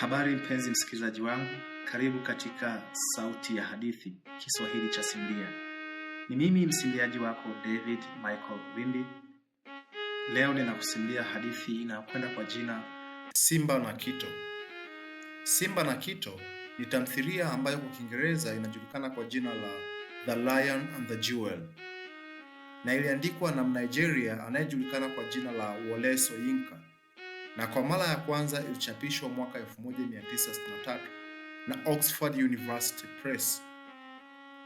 Habari mpenzi msikilizaji wangu, karibu katika Sauti ya Hadithi Kiswahili cha Simbia. Ni mimi msimbiaji wako David Michael Windi. Leo ninakusimbia hadithi inayokwenda kwa jina Simba na Kito. Simba na Kito ni tamthilia ambayo kwa Kiingereza inajulikana kwa jina la The Lion and the Jewel na iliandikwa na Mnigeria anayejulikana kwa jina la Wole Soyinka na kwa mara ya kwanza ilichapishwa mwaka 1963 na Oxford University Press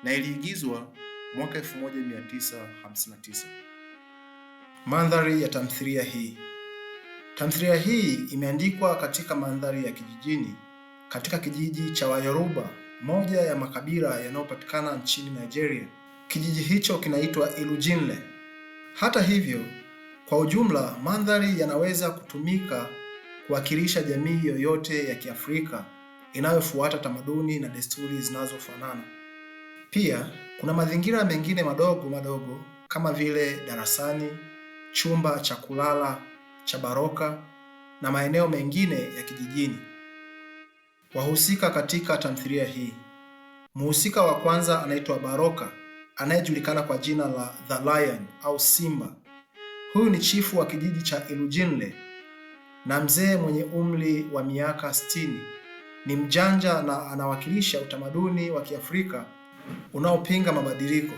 na iliigizwa mwaka 1959. Mandhari ya tamthilia hii. Tamthilia hii imeandikwa katika mandhari ya kijijini katika kijiji cha Wayoruba, moja ya makabila yanayopatikana nchini Nigeria. Kijiji hicho kinaitwa Ilujinle. Hata hivyo kwa ujumla, mandhari yanaweza kutumika kuwakilisha jamii yoyote ya Kiafrika inayofuata tamaduni na desturi zinazofanana. Pia kuna mazingira mengine madogo madogo kama vile darasani, chumba cha kulala cha Baroka na maeneo mengine ya kijijini. Wahusika katika tamthilia hii. Mhusika wa kwanza anaitwa Baroka anayejulikana kwa jina la The Lion au Simba Huyu ni chifu wa kijiji cha Ilujinle na mzee mwenye umri wa miaka sitini. Ni mjanja na anawakilisha utamaduni wa Kiafrika unaopinga mabadiliko.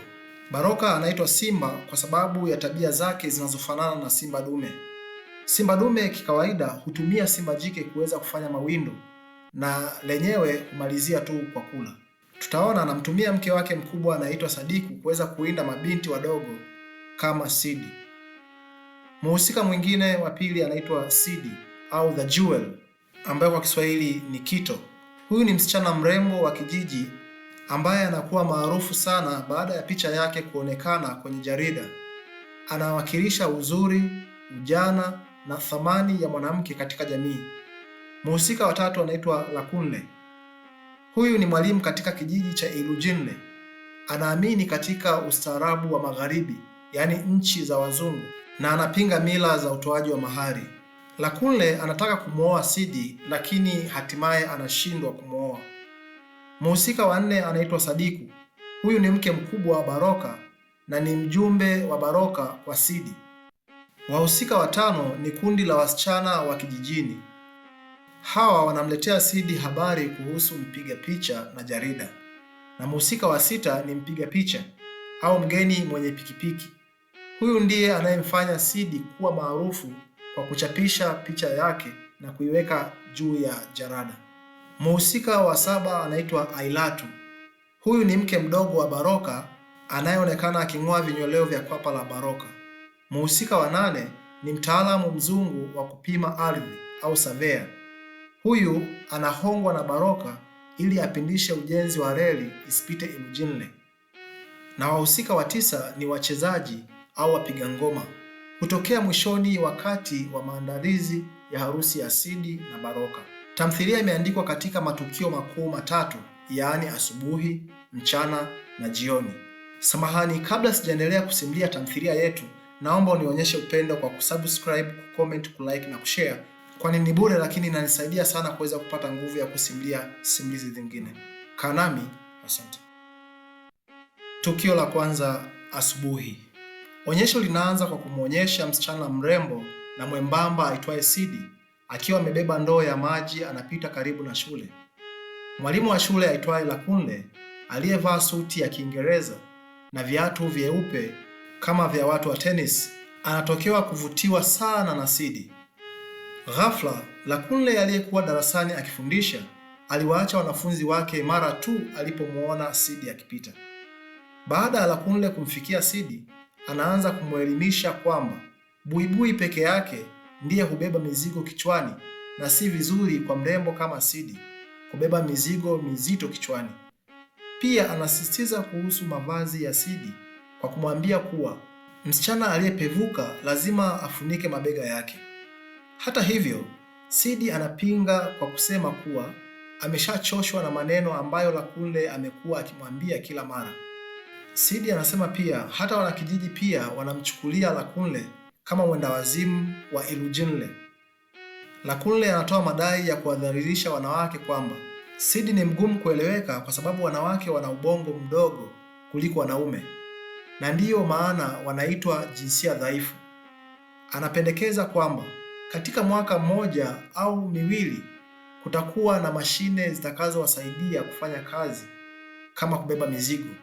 Baroka anaitwa Simba kwa sababu ya tabia zake zinazofanana na simba dume. Simba dume kikawaida hutumia simba jike kuweza kufanya mawindo na lenyewe humalizia tu kwa kula. Tutaona anamtumia mke wake mkubwa anaitwa Sadiku kuweza kuinda mabinti wadogo kama Sidi. Muhusika mwingine wa pili anaitwa Sidi au The Jewel, ambaye kwa Kiswahili ni Kito. Huyu ni msichana mrembo wa kijiji ambaye anakuwa maarufu sana baada ya picha yake kuonekana kwenye jarida. Anawakilisha uzuri, ujana na thamani ya mwanamke katika jamii. Muhusika watatu anaitwa Lakunle. Huyu ni mwalimu katika kijiji cha Ilujinle. Anaamini katika ustaarabu wa Magharibi, yaani nchi za wazungu na anapinga mila za utoaji wa mahari. Lakunle anataka kumwoa Sidi lakini hatimaye anashindwa kumwoa. Mhusika wa nne anaitwa Sadiku. Huyu ni mke mkubwa wa Baroka na ni mjumbe wa Baroka kwa Sidi. Wahusika watano ni kundi la wasichana wa kijijini. Hawa wanamletea Sidi habari kuhusu mpiga picha na jarida, na mhusika wa sita ni mpiga picha au mgeni mwenye pikipiki. Huyu ndiye anayemfanya Sidi kuwa maarufu kwa kuchapisha picha yake na kuiweka juu ya jarada. Mhusika wa saba anaitwa Ailatu. Huyu ni mke mdogo wa Baroka anayeonekana aking'oa vinyweleo vya kwapa la Baroka. Mhusika wa nane ni mtaalamu mzungu wa kupima ardhi au savea. Huyu anahongwa na Baroka ili apindishe ujenzi wa reli isipite imjinle Na wahusika wa tisa ni wachezaji au wapiga ngoma hutokea mwishoni wakati wa maandalizi ya harusi ya Sidi na Baroka. Tamthilia imeandikwa katika matukio makuu matatu, yaani asubuhi, mchana na jioni. Samahani, kabla sijaendelea kusimulia tamthilia yetu, naomba unionyeshe upendo kwa kusubscribe, kucomment, kulike na kushare, kwani ni bure, lakini inanisaidia sana kuweza kupata nguvu ya kusimulia simulizi zingine. Kanami, asante. Tukio la kwanza, asubuhi. Onyesho linaanza kwa kumwonyesha msichana mrembo na mwembamba aitwaye Sidi akiwa amebeba ndoo ya maji anapita karibu na shule. Mwalimu wa shule aitwaye Lakunle aliyevaa suti ya Kiingereza na viatu vyeupe kama vya watu wa tenis anatokewa kuvutiwa sana na Sidi. Ghafla, Lakunle aliyekuwa darasani akifundisha aliwaacha wanafunzi wake mara tu alipomwona Sidi akipita. Baada ya Lakunle kumfikia Sidi, anaanza kumwelimisha kwamba buibui peke yake ndiye hubeba mizigo kichwani na si vizuri kwa mrembo kama Sidi kubeba mizigo mizito kichwani. Pia anasisitiza kuhusu mavazi ya Sidi kwa kumwambia kuwa msichana aliyepevuka lazima afunike mabega yake. Hata hivyo, Sidi anapinga kwa kusema kuwa ameshachoshwa na maneno ambayo Lakunle amekuwa akimwambia kila mara. Sidi anasema pia hata wanakijiji pia wanamchukulia Lakunle kama mwendawazimu wa Ilujinle. Lakunle anatoa madai ya kuwadhalilisha wanawake kwamba Sidi ni mgumu kueleweka kwa sababu wanawake wana ubongo mdogo kuliko wanaume na ndiyo maana wanaitwa jinsia dhaifu. Anapendekeza kwamba katika mwaka mmoja au miwili kutakuwa na mashine zitakazowasaidia kufanya kazi kama kubeba mizigo.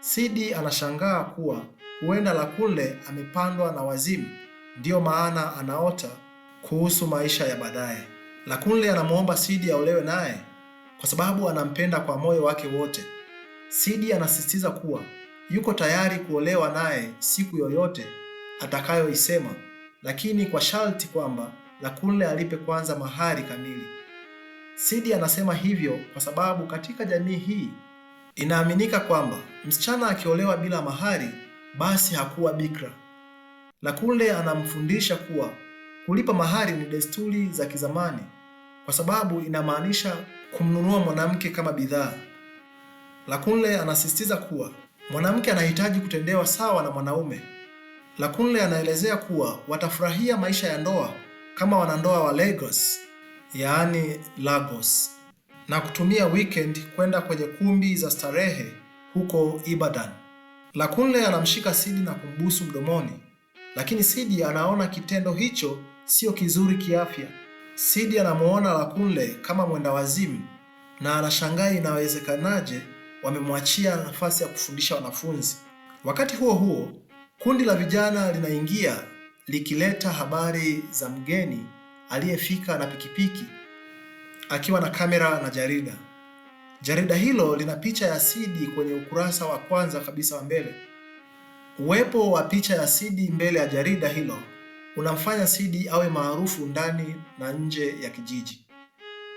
Sidi anashangaa kuwa huenda Lakule amepandwa na wazimu, ndiyo maana anaota kuhusu maisha ya baadaye. Lakule anamwomba Sidi aolewe naye kwa sababu anampenda kwa moyo wake wote. Sidi anasisitiza kuwa yuko tayari kuolewa naye siku yoyote atakayoisema, lakini kwa sharti kwamba Lakule alipe kwanza mahari kamili. Sidi anasema hivyo kwa sababu katika jamii hii Inaaminika kwamba msichana akiolewa bila mahari basi hakuwa bikra. Lakunle anamfundisha kuwa kulipa mahari ni desturi za kizamani, kwa sababu inamaanisha kumnunua mwanamke kama bidhaa. Lakunle anasisitiza kuwa mwanamke anahitaji kutendewa sawa na mwanaume. Lakunle anaelezea kuwa watafurahia maisha ya ndoa kama wanandoa wa Lagos, yaani Lagos na kutumia weekend kwenda kwenye kumbi za starehe huko Ibadan. Lakunle anamshika Sidi na kumbusu mdomoni, lakini Sidi anaona kitendo hicho sio kizuri kiafya. Sidi anamuona Lakunle kama mwendawazimu na anashangaa inawezekanaje wamemwachia nafasi ya kufundisha wanafunzi. Wakati huo huo, kundi la vijana linaingia likileta habari za mgeni aliyefika na pikipiki akiwa na kamera na jarida. Jarida hilo lina picha ya Sidi kwenye ukurasa wa kwanza kabisa wa mbele. Uwepo wa picha ya Sidi mbele ya jarida hilo unamfanya Sidi awe maarufu ndani na nje ya kijiji.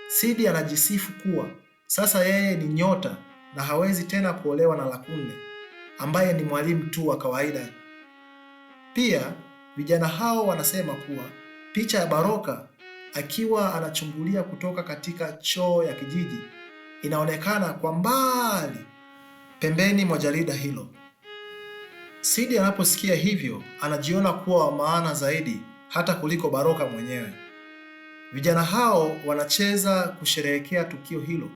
Sidi anajisifu kuwa sasa yeye ni nyota na hawezi tena kuolewa na Lakunde ambaye ni mwalimu tu wa kawaida. Pia vijana hao wanasema kuwa picha ya Baroka akiwa anachungulia kutoka katika choo ya kijiji inaonekana kwa mbali pembeni mwa jarida hilo. Sidi anaposikia hivyo anajiona kuwa wa maana zaidi hata kuliko Baroka mwenyewe. Vijana hao wanacheza kusherehekea tukio hilo.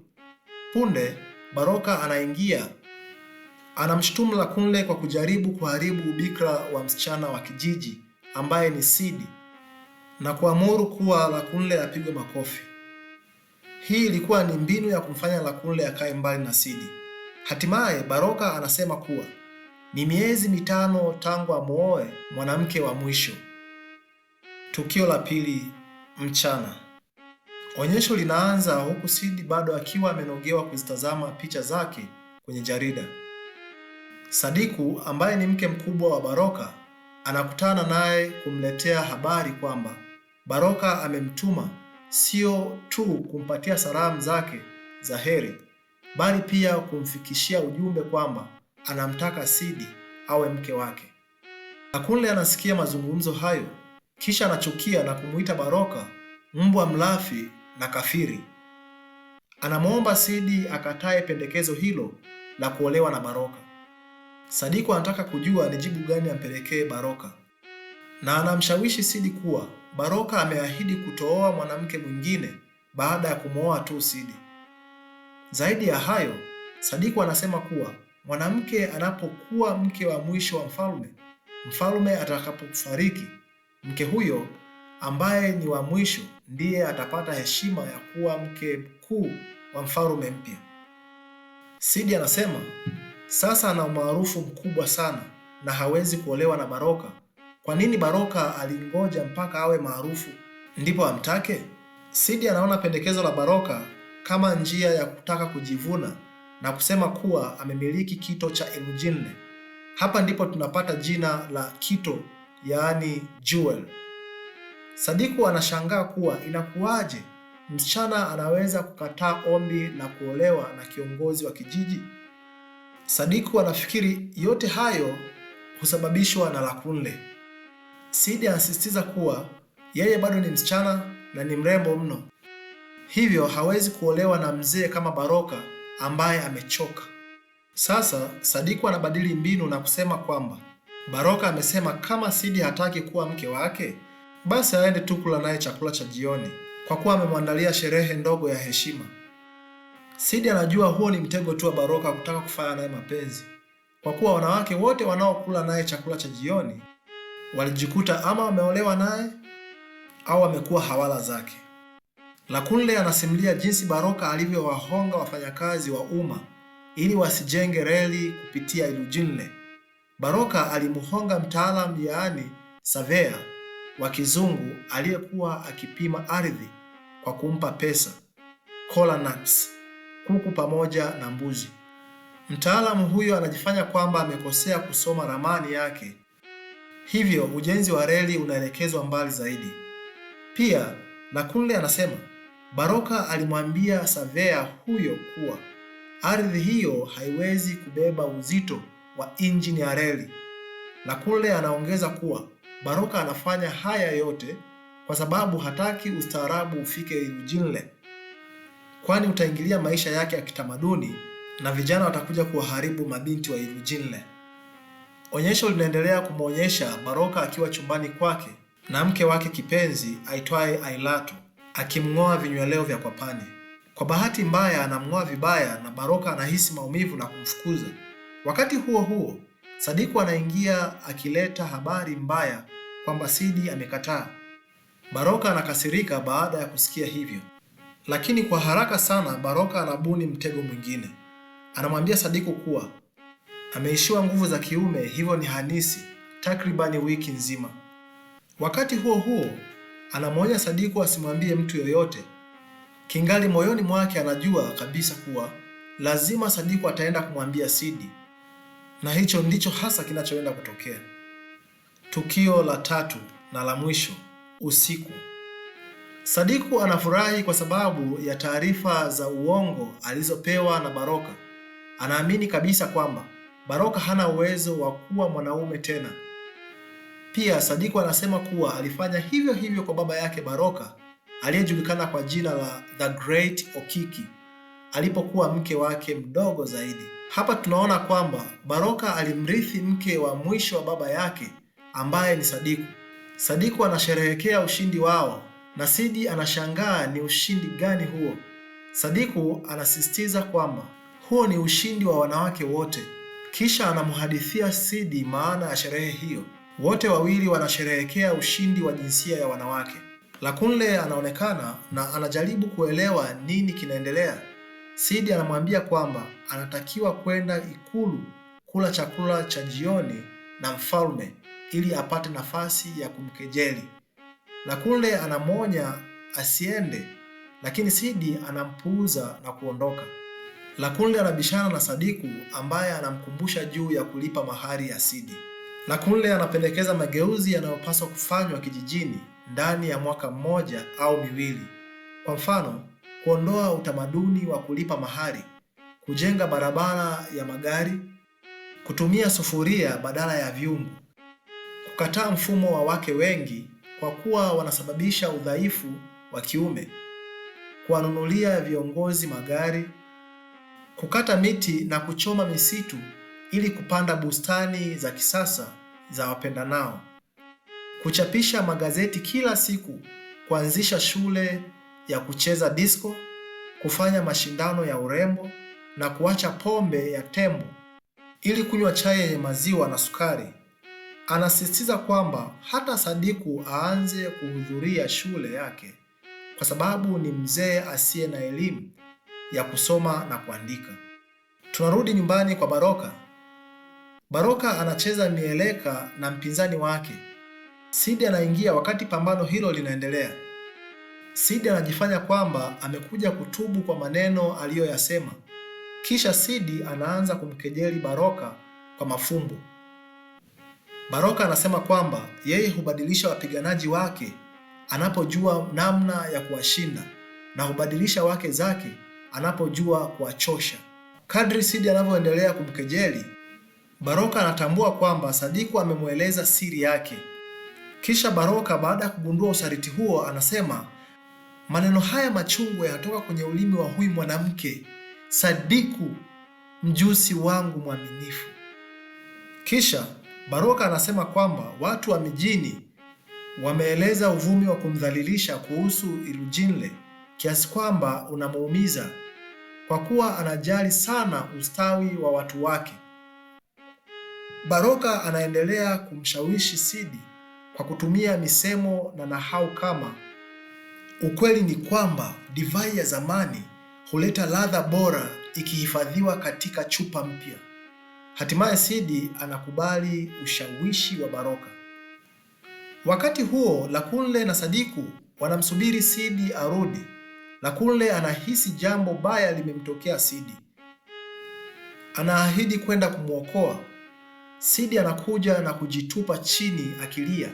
Punde Baroka anaingia, anamshutumu Lakunle kwa kujaribu kuharibu ubikra wa msichana wa kijiji ambaye ni Sidi na kuamuru kuwa Lakunle apigwe makofi. Hii ilikuwa ni mbinu ya kumfanya Lakunle akae mbali na Sidi. Hatimaye Baroka anasema kuwa ni miezi mitano tangu amuoe mwanamke wa mwisho. Tukio la pili mchana. Onyesho linaanza huku Sidi bado akiwa amenogewa kuzitazama picha zake kwenye jarida. Sadiku ambaye ni mke mkubwa wa Baroka anakutana naye kumletea habari kwamba Baroka amemtuma sio tu kumpatia salamu zake za heri, bali pia kumfikishia ujumbe kwamba anamtaka Sidi awe mke wake. Akunle anasikia mazungumzo hayo, kisha anachukia na kumuita Baroka mbwa mlafi na kafiri. Anamwomba Sidi akatae pendekezo hilo la kuolewa na Baroka. Sadiko anataka kujua ni jibu gani ampelekee Baroka, na anamshawishi Sidi kuwa Baroka ameahidi kutooa mwanamke mwingine baada ya kumwoa tu Sidi. Zaidi ya hayo, Sadiku anasema kuwa mwanamke anapokuwa mke wa mwisho wa mfalme, mfalme atakapofariki, mke huyo ambaye ni wa mwisho ndiye atapata heshima ya kuwa mke mkuu wa mfalme mpya. Sidi anasema sasa ana umaarufu mkubwa sana na hawezi kuolewa na Baroka kwa nini Baroka alingoja mpaka awe maarufu ndipo amtake? Sidi anaona pendekezo la Baroka kama njia ya kutaka kujivuna na kusema kuwa amemiliki kito cha Eugene. Hapa ndipo tunapata jina la kito, yaani jewel. Sadiku anashangaa kuwa inakuwaje msichana anaweza kukataa ombi la kuolewa na kiongozi wa kijiji. Sadiku anafikiri yote hayo husababishwa na Lakunle. Sidi anasisitiza kuwa yeye bado ni msichana na ni mrembo mno, hivyo hawezi kuolewa na mzee kama Baroka ambaye amechoka. Sasa Sadiku anabadili mbinu na kusema kwamba Baroka amesema kama Sidi hataki kuwa mke wake, basi aende tu kula naye chakula cha jioni kwa kuwa amemwandalia sherehe ndogo ya heshima. Sidi anajua huo ni mtego tu wa Baroka kutaka kufanya naye mapenzi, kwa kuwa wanawake wote wanaokula naye chakula cha jioni walijikuta ama wameolewa naye au wamekuwa hawala zake. Lakunle anasimulia jinsi Baroka alivyowahonga wafanyakazi wa umma ili wasijenge reli kupitia Ilujinle. Baroka alimhonga mtaalamu yaani savea wa kizungu aliyekuwa akipima ardhi kwa kumpa pesa kola nuts, kuku pamoja na mbuzi. Mtaalamu huyo anajifanya kwamba amekosea kusoma ramani yake hivyo ujenzi wa reli unaelekezwa mbali zaidi. Pia Nakunle anasema Baroka alimwambia savea huyo kuwa ardhi hiyo haiwezi kubeba uzito wa injini ya reli. Nakunle anaongeza kuwa Baroka anafanya haya yote kwa sababu hataki ustaarabu ufike Ujinle, kwani utaingilia maisha yake ya kitamaduni na vijana watakuja kuwaharibu mabinti wa Ujinle. Onyesho linaendelea kumwonyesha Baroka akiwa chumbani kwake na mke wake kipenzi aitwaye Ailatu akimng'oa vinyweleo vya kwapani. Kwa bahati mbaya anamng'oa vibaya na Baroka anahisi maumivu na kumfukuza. Wakati huo huo, Sadiku anaingia akileta habari mbaya kwamba Sidi amekataa. Baroka anakasirika baada ya kusikia hivyo, lakini kwa haraka sana Baroka anabuni mtego mwingine. Anamwambia Sadiku kuwa Ameishiwa nguvu za kiume, hivyo ni hanisi takribani wiki nzima. Wakati huo huo, anamwonya Sadiku asimwambie mtu yoyote, kingali moyoni mwake anajua kabisa kuwa lazima Sadiku ataenda kumwambia Sidi, na hicho ndicho hasa kinachoenda kutokea. Tukio la tatu na la mwisho, usiku. Sadiku anafurahi kwa sababu ya taarifa za uongo alizopewa na Baroka. Anaamini kabisa kwamba Baroka hana uwezo wa kuwa mwanaume tena. Pia Sadiku anasema kuwa alifanya hivyo hivyo kwa baba yake Baroka aliyejulikana kwa jina la The Great Okiki alipokuwa mke wake mdogo zaidi. Hapa tunaona kwamba Baroka alimrithi mke wa mwisho wa baba yake ambaye ni Sadiku. Sadiku anasherehekea ushindi wao na Sidi anashangaa ni ushindi gani huo. Sadiku anasisitiza kwamba huo ni ushindi wa wanawake wote. Kisha anamhadithia Sidi maana ya sherehe hiyo. Wote wawili wanasherehekea ushindi wa jinsia ya wanawake. Lakunle anaonekana na anajaribu kuelewa nini kinaendelea. Sidi anamwambia kwamba anatakiwa kwenda ikulu kula chakula cha jioni na mfalme ili apate nafasi ya kumkejeli. Lakunle anamwonya asiende, lakini Sidi anampuuza na kuondoka. Lakunle anabishana na Sadiku ambaye anamkumbusha juu ya kulipa mahari ya Sidi. Lakunle anapendekeza mageuzi yanayopaswa kufanywa kijijini ndani ya mwaka mmoja au miwili. Kwa mfano, kuondoa utamaduni wa kulipa mahari, kujenga barabara ya magari, kutumia sufuria badala ya vyungu, kukataa mfumo wa wake wengi kwa kuwa wanasababisha udhaifu wa kiume, kuwanunulia viongozi magari kukata miti na kuchoma misitu ili kupanda bustani za kisasa za wapendanao, kuchapisha magazeti kila siku, kuanzisha shule ya kucheza disco, kufanya mashindano ya urembo na kuacha pombe ya tembo ili kunywa chai yenye maziwa na sukari. Anasisitiza kwamba hata Sadiku aanze kuhudhuria shule yake kwa sababu ni mzee asiye na elimu ya kusoma na kuandika. Tunarudi nyumbani kwa Baroka. Baroka anacheza mieleka na mpinzani wake. Sidi anaingia wakati pambano hilo linaendelea. Sidi anajifanya kwamba amekuja kutubu kwa maneno aliyoyasema. Kisha Sidi anaanza kumkejeli Baroka kwa mafumbo. Baroka anasema kwamba yeye hubadilisha wapiganaji wake anapojua namna ya kuwashinda na hubadilisha wake zake anapojua kuwachosha. Kadri Sidi anavyoendelea kumkejeli, Baroka anatambua kwamba Sadiku amemweleza siri yake. Kisha Baroka, baada ya kugundua usaliti huo, anasema maneno haya machungu yanatoka kwenye ulimi wa huyu mwanamke Sadiku, mjusi wangu mwaminifu. Kisha Baroka anasema kwamba watu wa mijini wameeleza uvumi wa kumdhalilisha kuhusu Ilujinle kiasi kwamba unamuumiza kwa kuwa anajali sana ustawi wa watu wake. Baroka anaendelea kumshawishi Sidi kwa kutumia misemo na nahau kama ukweli ni kwamba divai ya zamani huleta ladha bora ikihifadhiwa katika chupa mpya. Hatimaye Sidi anakubali ushawishi wa Baroka. Wakati huo Lakunle na Sadiku wanamsubiri Sidi arudi na kule anahisi jambo baya limemtokea Sidi. Anaahidi kwenda kumwokoa Sidi. Anakuja na kujitupa chini akilia,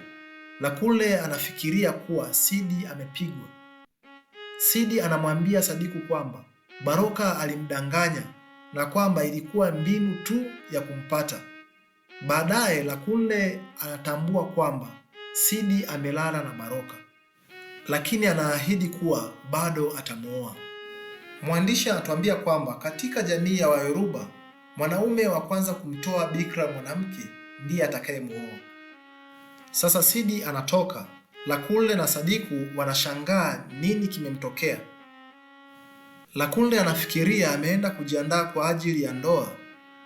na kule anafikiria kuwa Sidi amepigwa. Sidi anamwambia Sadiku kwamba Baroka alimdanganya na kwamba ilikuwa mbinu tu ya kumpata. Baadaye Lakunle anatambua kwamba Sidi amelala na Baroka lakini anaahidi kuwa bado atamwoa. Mwandishi anatuambia kwamba katika jamii ya Wayoruba, mwanaume wa kwanza kumtoa bikra mwanamke ndiye atakayemuoa Sasa Sidi anatoka, lakunde na Sadiku wanashangaa nini kimemtokea. Lakunle anafikiria ameenda kujiandaa kwa ajili ya ndoa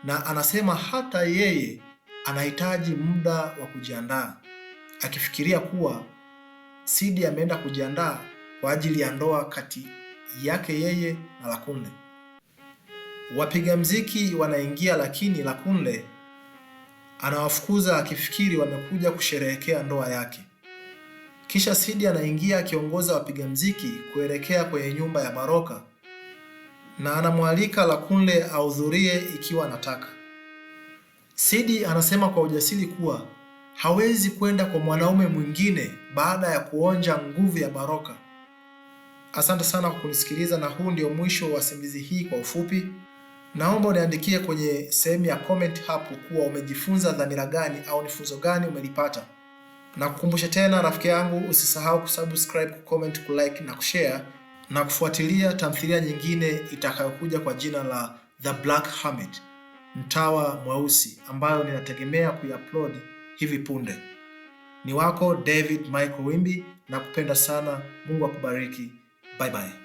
na anasema hata yeye anahitaji muda wa kujiandaa, akifikiria kuwa Sidi ameenda kujiandaa kwa ajili ya ndoa kati yake yeye na Lakunde. Wapiga mziki wanaingia, lakini Lakunde anawafukuza akifikiri wamekuja kusherehekea ndoa yake. Kisha Sidi anaingia akiongoza wapiga mziki kuelekea kwenye nyumba ya Baroka na anamwalika Lakunde ahudhurie ikiwa anataka. Sidi anasema kwa ujasiri kuwa hawezi kwenda kwa mwanaume mwingine baada ya kuonja nguvu ya Baroka. Asante sana kwa kunisikiliza, na huu ndio mwisho wa simulizi hii kwa ufupi. Naomba uniandikie kwenye sehemu ya comment hapo kuwa umejifunza dhamira gani au ni funzo gani umelipata. Na kukumbusha tena rafiki yangu, usisahau kusubscribe, kucomment, kulike na kushare na kufuatilia tamthilia nyingine itakayokuja kwa jina la The Black Hermit, Mtawa Mweusi, ambayo ninategemea kuiupload hivi punde. Ni wako David Michael Wimbi na kupenda sana. Mungu akubariki. Bye bye.